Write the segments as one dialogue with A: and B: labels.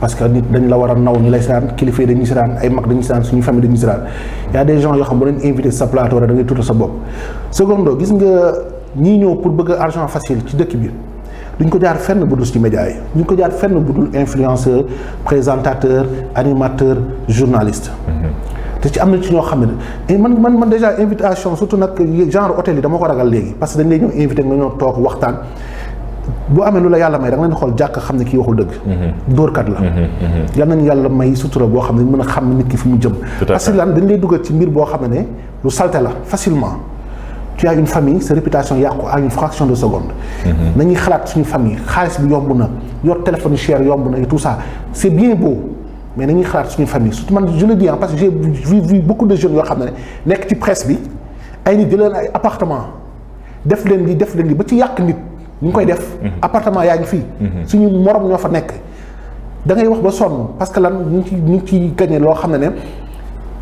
A: parce que nit dañ la war a naw ñu lay seetaan kilifa yi dañuy seetaan ay mag dañuy seetaan suñu famille dañuy seetaan y a des gens yoo xam bu leen invité sa plateau rek da ngay tuutal sa bopp. secondo gis nga ñii ñëw pour bëgg argent facile ci dëkk bi duñ ko jaar fenn bu dul ci média yi duñ ko jaar fenn bu dul influenceur présentateur animateur journaliste.
B: Mm-hmm.
A: te ci am na ci ñoo xam ne man man man déjà invitation surtout nag genre hôtel yi damoo ko ragal léegi parce que dañ lay ñëw invité nga ñoo toog boo amee lu la yàlla may da leen xool jàkk xam ne kii waxul dëgg mhm. dóorkat la mhm.
B: mhm.
A: yàlla nañu yàlla may sutura boo xam ne mën a xam nit ki fi mu jëm parce que lan dañ lay ci mbir boo xam ne lu salte la facilement tu as une famille sa réputation yàqu à une fraction de seconde nañuy xalaat suñu famille xaalis bi yomb na yor téléphone cher yomb na et tout ça c'est bien beau mais nañuy xalaat suñu famille surtout man je le dis parce que j'ai vu beaucoup ne nekk ci presse bi ay ay appartement def leen li def leen li ba ci yàq nit ñu ngi koy def. Mhm. appartement yaa ngi fii. Mhm. suñu moroom ñoo fa nekk. dangay wax ba sonn parce que lan ñu ngi ciy ñu ngi ciy gagné loo xam ne ne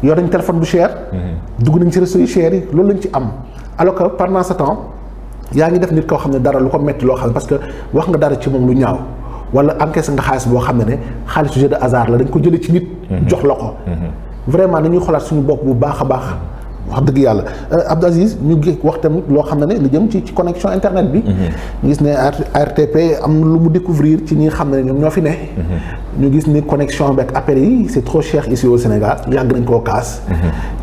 A: yor nañ téléphone bu cher. Mhm. dugg nañ ci réseau yu cher loolu lañ ci am alors que pendant sa temps yaa ngi def nit koo xam ne dara lu ko metti loo xam ne parce que wax nga dara ci moom lu ñaaw. wala encaissé nga xaalis boo xam ne ne xaalis jeu de hasard la dañ ko jëlee ci nit. jox la ko. vraiment nañuy xolaat suñu bopp bu baax a baax. wax dëgg yàlla euh, Abdou Aziz ñu ngi wax tamit loo xam ne li jëm ci ci connexion internet bi. ñu mhm. gis ne ARTP am lu mu découvrir ci ñi xam ne ñoom ñoo fi ne.
B: Mhm.
A: ñu gis ni connexion bi ak appel yi c'est trop cher ici au Sénégal yàgg nañ koo kaas. Mhm.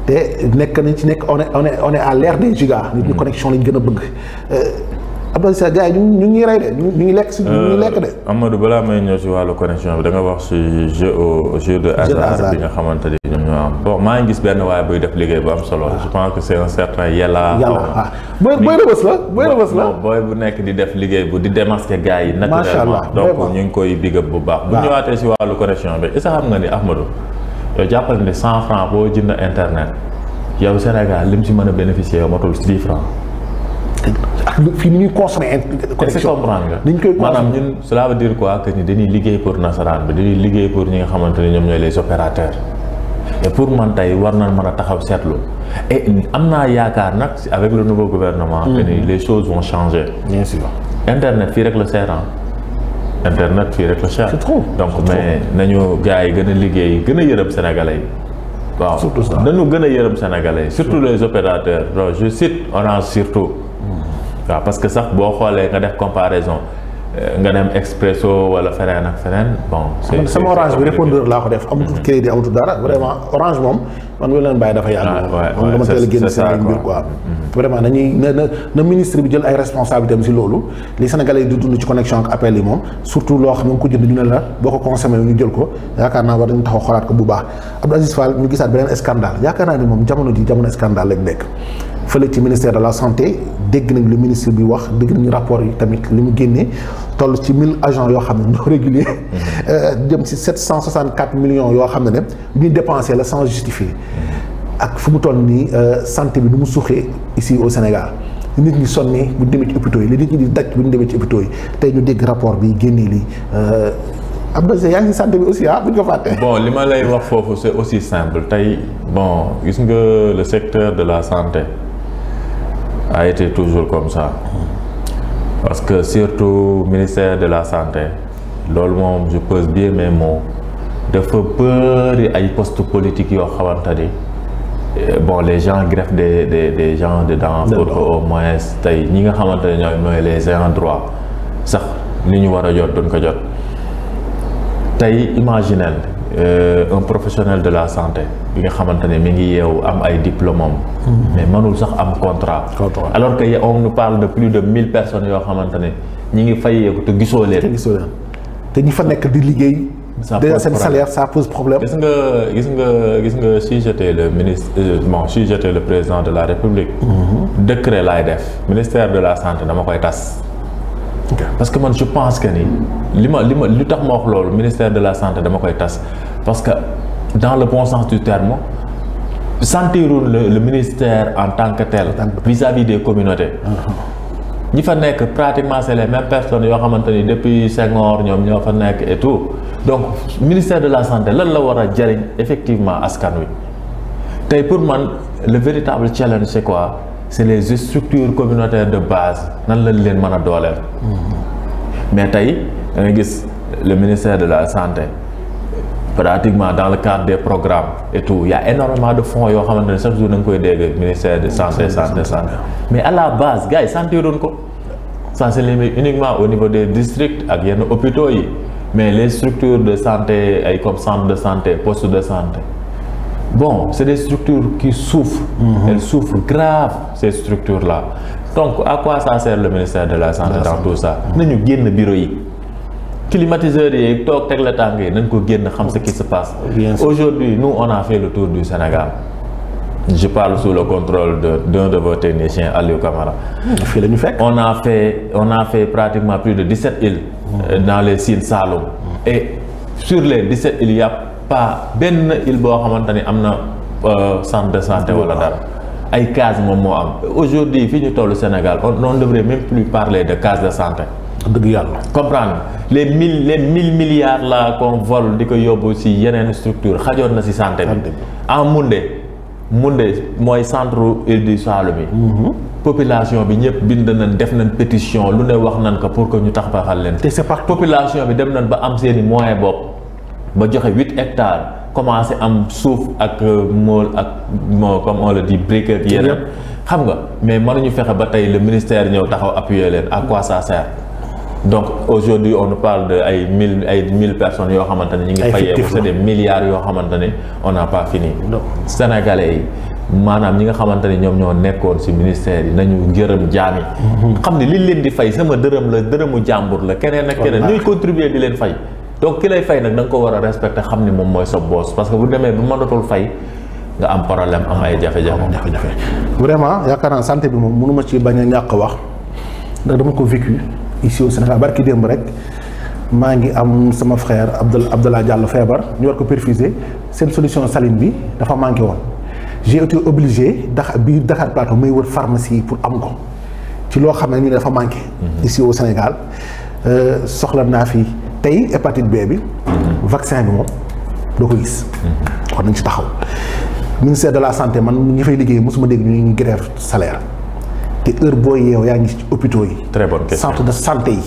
A: te nekk nañ ci nekk on est on est on est à nit ñi connexion lañ gën a bëgg. Euh, Abdou Aziz gars yi ñu ñu ngi rey de ñu ngi lekk si ñu ngi euh, lekk de.
B: Amadou balaa may ñëw si wàllu connexion bi da nga wax si jeu au de waaw bon maa ngi gis benn waaye buy def liggéey bu am solo. Ah. je pense que c'est un certain Yella. Yella ah booy rëbës la booy booy bu nekk di def liggéey bu di démasquer gars yi. macha allah naturellement donc ñu ngi koy big bu baax. bu ñëwaatee si wàllu connexion bi est-ce que xam nga ni Ahmadou yow jàppal ni cent francs boo jënd internet yow Sénégal lim si mën a bénéficier yow matul dix francs.
A: ak fii ni ñuy construire connexion
B: comprendre nga. dañ maanaam ñun cela veut dire quoi que ni dañuy liggéey pour nasaraan bi dañuy liggéey pour ñi nga xamante ne ñoom ñooy les opérateurs pour man tey war na mën a taxaw seetlu am naa yaakaar nag avec le nouveau gouvernement. que ni mhm. les choses vont changer. bien sûr internet fii rek la seeraan internet fii rek la cher. c'est trop donc mais nañu gars yi gën a liggéey gën a yërëm sénégalais yi. waaw surtout ça nañu gën a yërëm sénégalais surtout les opérateurs je cite Orange surtout. Mhm. waaw parce que sax boo xoolee nga def comparaison. nga dem expresso wala feneen ak feneen bon. man sama orange bi
A: répondeur laa ko def amatul mhm. crédit amatul dara vraiment orange moom man loolu leen bàyyi dafa yàgg. ah waay c' est génn seen mbir quoi. Mhm. na ministre bi jël ay responsabilités si loolu li Sénégalais di dund ci connexion ak appel yi moom surtout loo xam ne ko jënd ñu ne la boo ko consommé ñu jël ko yaakaar naa war nañu taxaw xoolaat ko bu baax Abdou Aziz Fall ñu gisaat beneen scandale yaakaar naa ni moom jamono ji jamono scandale lañ nekk. fële ci ministère de la santé dégg nañ lu ministre bi wax dégg nañu rapport yi tamit li mu génnee toll ci mille agent yoo xam ne non régulier mm-hmm. euh, jëm ci sept cent soixante quatre million yoo xam ne ne ñuy dépensé la sans justifier mm-hmm. ak fu mu toll nii euh, santé bi nu mu suuxee ici au Sénégal li nit ñi sonnee bu ñu demee ci hôpitaux yi li nit ñi di daj bu ñu demee ci hôpitaux yi tey ñu dégg rapport bi génnee lii euh, Abdou Seye yaa ngi si santé bi
B: aussi ah bu ko fàtte. bon li ma lay wax foofu c'est aussi simple tey bon gis le secteur de la santé. a été toujours comme ça parce que surtout ministère de la santé loolu moom je pèse bien mes mots dafa bëri ay poste politique yoo xamante ni eh, bon les gens greffent des des des gens de pour au moins tey ñi nga xamante ne ñooy mooy les gens droit sax ni ñu war a jot duñ ko jot tey imaginel Euh, un professionnel de la santé bi nga xamante ne mi ngi yeewu am ay diplôme am mm-hmm. mais mënul sax am contrat alors que on nous parle de plus de mille personnes yoo xamante ne ñi ngi fayeeku te gisoo leen te ñi fa nekk di liggéey sa seen salaire ça pose problème gis nga gis nga gis nga si le ministre euh, bon si le président de la république mm-hmm. décret lay def ministère de la santé dama koy tas parce que man je pense que ni li ma li ma lu tax ma wax loolu ministère de la santé dama koy tas parce que dans le bon sens du terme sentirul le, le ministère en tant que tel vis-à-vis -vis des communautés ñi fa nekk pratiquement c'est les mêmes personnes yoo xamante ni depuis Senghor ñoom ñoo fa nekk et tout donc ministère de la santé lan la war a jëriñ effectivement askan wi tey pour man le véritable challenge c'est quoi c'est les structures communautaires de base nan lañ leen mën a dooleel mm-hmm. mais tey da gis le ministère de la santé pratiquement dans le cadre des programmes et tout il y a énormément de fonds yoo xamante ne chaque jour da nga koy dégg ministère de santé santé santé mais à la base gars yi sentiroon ko santé limite uniquement au niveau des districts ak yenn hôpitaux yi mais les structures de santé ay comme centre de santé poste de santé bon c'est des structures qui souffrent mhm. elles souffrent grave ces structures là donc à quoi ça sert le ministère de la santé dans tout ça nañu génn bureau yi climatiseurs yi toog teg la tàng yi nañ ko génn xam sa qui se passe. aujourd'hui nous on a fait le tour du Sénégal. je parle sous le contrôle de d'un de vos techniciens Aliou Camara. Hmm, fii la ñu fekk. on a fait on a fait pratiquement plus de 17 îles. Hmm. Euh, dans les Sine Saloum. Hmm. et sur les 17 îles y a benn île boo xamante ni am na euh, centre de santé wala dara. ay cases moom moo am aujourd'hui fi ñu tollu Sénégal on on devrait même plus parler de cases de santé. dëgg yàlla comprendre les mil les mille milliards là qu'on vole di ko yóbbu si yeneen structure xajoon na si sante bi en ah, Moundé Moundé mooy centre Île du Saloum mm-hmm. bi population bi ñëpp bind nañ def nañ petition lu ne wax nañ ko pour que ñu tax taxawal leen te c'est par population bi dem nañ ba am seeni moyen bopp ba joxe huit hectares commencé am suuf ak euh, mool ak moo comme on le dit brique ak yeneen xam nga mais mënuñu fexe ba tey le ministère ñëw taxaw appuyer leen à quoi ça donc aujourd'hui on nous ay mille ay mille personnes yoo xamante ne ñu ngi fayeeku c'est des milliards yoo xamante ne on n'a pas fini sénégalais yi maanaam ñi nga xamante ne ñoom ñoo nekkoon ci ministère yi nañu gërëm jaami mhm. xam ne liñ leen di fay sama dërëm la dërëmu jàmbur la keneen ak keneen ñuy contribuer di leen fay donc ki lay fay nag da nga ko war a respecter xam ni moom mooy sa boss parce que bu demee bu mënatul fay nga am problème am ay jafe-jafe jafe-jafe
A: vraiment yaakaar naa santé bi moom mënuma ci bañ a ñàkk wax ndax dama ko vécu ici au Sénégal barki démb rek maa ngi am sama frère Abdel Abdallah jàll feebar ñu war ko perfuser seen solution saline bi dafa manqué woon. j'ai été obligé dax biir Dakar Plateau may wër pharmacie pour am ko ci loo xam ne ñu ne dafa manqué. Mhm. ici au Sénégal euh, soxla naa fi tey hépatite B bi. Mhm. vaccin bi moom doo ko gis. war mhm. nañ ci taxaw ministère de la santé man ñi fay liggéey mosuma dégg ñu ngi grève salaire. te heure booy yeew yaa ngi ci yi. très bonne question centre de santé yi.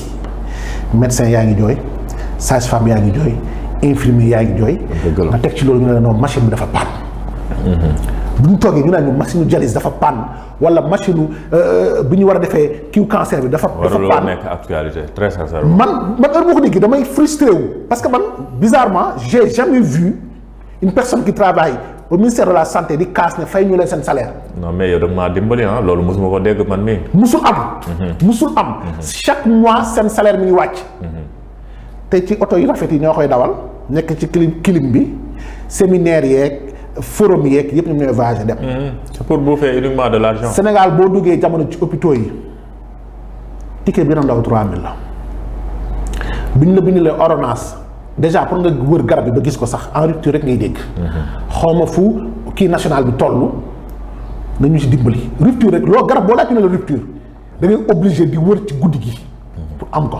A: médecin yaa ngi jooy sage femme yaa ngi jooy infirmier yaa ngi jooy. nga teg ci loolu ñu ne la non machine bi dafa panne. Mhm. bu ñu toogee ñu naan machine dialyse dafa panne wala machine euh, euh, bi ñu war a defee kiw cancer bi dafa. dafa panne
B: nekk man
A: man heure boo ko déggee damay frustré parce que man bizarrement j'ai jamais vu une personne qui travaille. ba ministère la santé di kaas ne fay ñu leen seen salaire.
B: non mais yow da maa dimbali ah loolu mosuma ko dégg man mii. musul am. Mhm. musul am mhm.
A: chaque mois seen salaire mi ngi wàcc. Mhm. te ci oto yu rafet yi ñoo koy dawal nekk ci clim kilim bi séminaire yeeg forum yeeg yëpp ñoom ñooy voyagé dem.
B: c'est pour bouffer uniquement de l'argent.
A: Sénégal boo duggee jamono ci hôpitaux yi ticket bi na ndaw 3000 la. biñ la bindee ordonnance. déjà pour nga wër garab bi ba gis ko sax en rupture rek ngay dégg. xawma fu kii national bi toll nañu ci dimbali rupture rek loo garab boo laajte ne la rupture da ngay obligé di wër ci guddi gi pour am ko.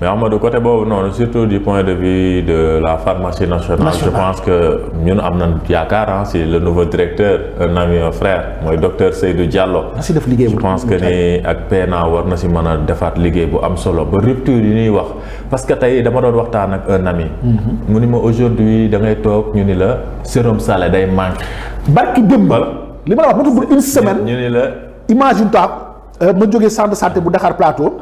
B: mais Amadou côté boobu noonu surtout du point de vue de la pharmacie nationale. nationale. je pense que ñun am na yaakaar si le nouveau directeur un ami un frère mooy docteur Seydou Diallo. Ah, def liggéey je pense que ni war na si mën a liggéey bu am solo ba rupture yi ñuy wax parce que tey dama doon waxtaan ak un ami. Mhm. mu ni ma aujourd'hui da ngay toog ñu ni la sérum salé day manqué. barki démb li ma la wax ma une semaine. ñu ni la imagine toi euh, ma jógee centre de santé bu Dakar Plateau.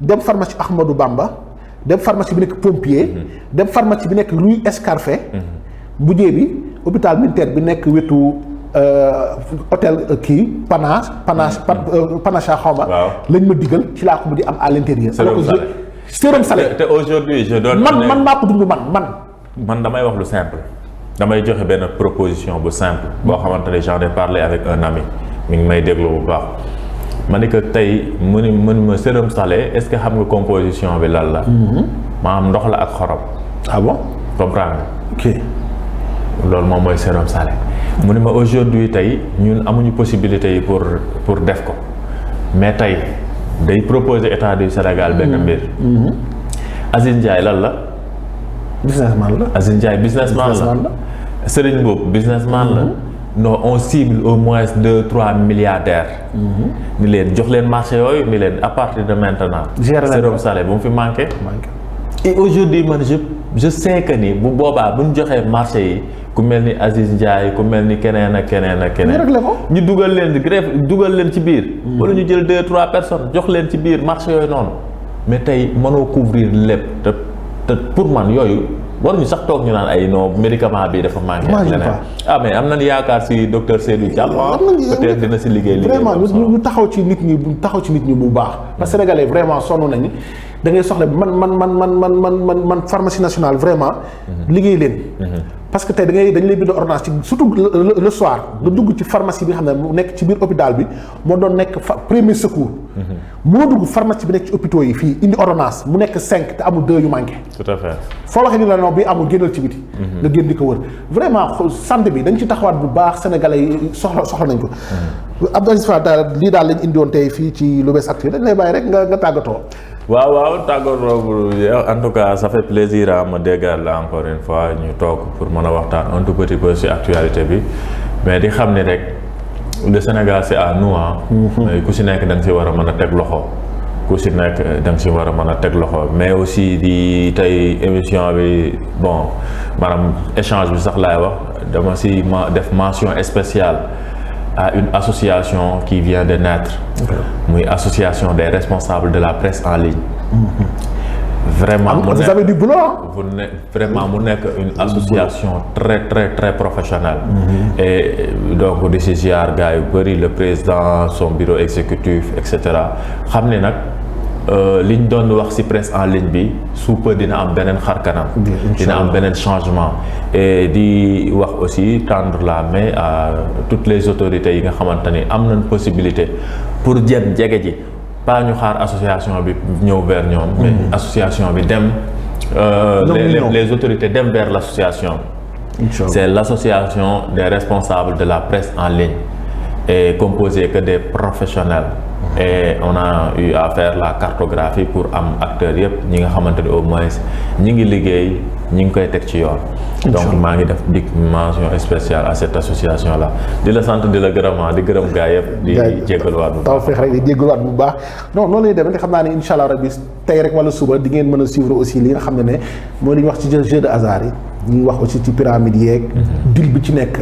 A: dem pharmacie Ahmadou Bamba dem pharmacie bi nekk pompier mhm. dem pharmacie bi nekk Rue Escarfé mhm. bu jee bi hôpital militaire bi nekk wetu euh, hôtel euh, kii panache panache mhm. panache xawma euh, lañ ma digal ci laa ko di am à l'intérieur
B: sérum salé te aujourd'hui man man
A: maa ko dund man man
B: man damay wax lu simple damay joxe benn proposition bu simple boo xamante ne j'en ai parlé avec un ami mi ngi may dégloo bu baax ma ne ko tey mu ne mën ma sérum salé est-ce que xam nga composition bi lan la. Mhm. maanaam ndox la ak xorom. ah bon comprendre loolu moom mooy sérum salé. mu ne ma aujourd'hui tey ñun amuñu possibilité yi pour pour def ko mais tey day proposer état du Sénégal benn mhm. mbir. Mhm. Aziz Ndiaye lan la. businessman la Aziz Ndiaye businessman la. Serigne boobu businessman la. non on cible au moins deux trois milliardaires. Mhm. ni leen jox leen marché yooyu ni leen à partir de maintenant. gérer Jérôme Salé bu mu fi manqué. i aujourd'hui man je je sais que ni bu boobaa bu ñu joxee marché yi ku mel ni Aziz Ndiaye ku mel ni keneen ak keneen ak keneen. ñu dugal leen grève dugal leen ci biir. Mhm. wala ñu jël deux trois personnes jox leen ci biir marché yooyu noonu. mais tey mënoo couvrir lépp te te pour man yooyu. waruñu sax toog ñu naan ay no médicament bi dafa manqué. ah mais am na yaakaar si docteur Seydou Diallo. peut-être dina si liggéey liggéey. vraiment
A: ñu taxaw ci nit ñi bu taxaw ci nit ñi bu baax. parce que sénégalais vraiment sonn nañu da ngay soxla man man man man man man man pharmacie nationale vraiment. Mhm. liggéey leen. Mhm. parce que tey da ngay dañ lay bind ordonnance ci surtout le soir nga dugg ci pharmacie bi nga xam ne mu nekk ci biir hôpital bi moo doon nekk premier secours. Mhm. moo dugg pharmacie bi nekk ci hôpitaux yi fii indi ordonnance mu nekk cinq te amul deux yu manqué. tout à fait foo waxee ni la non bi amul génnal ci biti. Mhm. nga génn di ko wër vraiment santé bi dañ ci taxawaat bu baax sénégalais yi soxla soxla nañ ko. Mhm. Abdou Aziz Fall daal lii daal lañ indiwoon tey fii ci lu bees actu lay bàyyi rek nga tàggatoo.
B: waaw waaw tàggoor boobu en tout cas sa fait plaisir à ah, ma déggal la encore une fois ñu toog pour mën a waxtaan un tout petit peu ci actualité bi mais di xam ni rek le Sénégal c'est à nous ah. mm-hmm. ku ci nekk da nga war a mën a teg loxo ku ci nekk da nga war a mën a teg loxo mais aussi di tey émission bi bon maanaam échange bi sax laay wax dama ci def mention spéciale à une association qui vient de naître muy okay. association des responsables de la presse en ligne mm-hmm. vraiment ah, mu nekk vous avez du boulot vous ne vraiment mu nekk une association très très très professionnelle mm-hmm. et euh, donc di si ziar gars yu bëri le président son bureau exécutif et cetera xam ne nag Euh, li ñu doon wax ci presse en ligne bi sous peu dina am beneen xar kanam dina am beneen changement et di wax aussi tendre la mais à toutes les autorités yi nga xamante ni am nañ possibilité pour jëm jege ji pas ñu xaar association bi ñëw vers ñoom mais mm-hmm. association bi dem euh, les autorités dem vers l'association c'est l'association des responsables de la presse en ligne et composé que des professionnels et eh, on a eu la cartographie pour am acteurs yëpp ñi nga xamante ne au moins ñi ngi liggéey ñi ngi koy teg ci yoon. donc maa ngi def dig mention spéciale à cette association la di la sant di la gërëmaa ah, di gërëm gaa yëpp. di jégaluwaat bu baax taw
A: feex rek di bu baax. non noonu lay demee xam naa ne incha allah bi tey rek wala suba di ngeen mën a suivre aussi li nga xam ne ne mooy li ñu wax ci jeu de hasard yi ñu wax aussi ci pyramide yeeg. Mhm. dil bi ci nekk.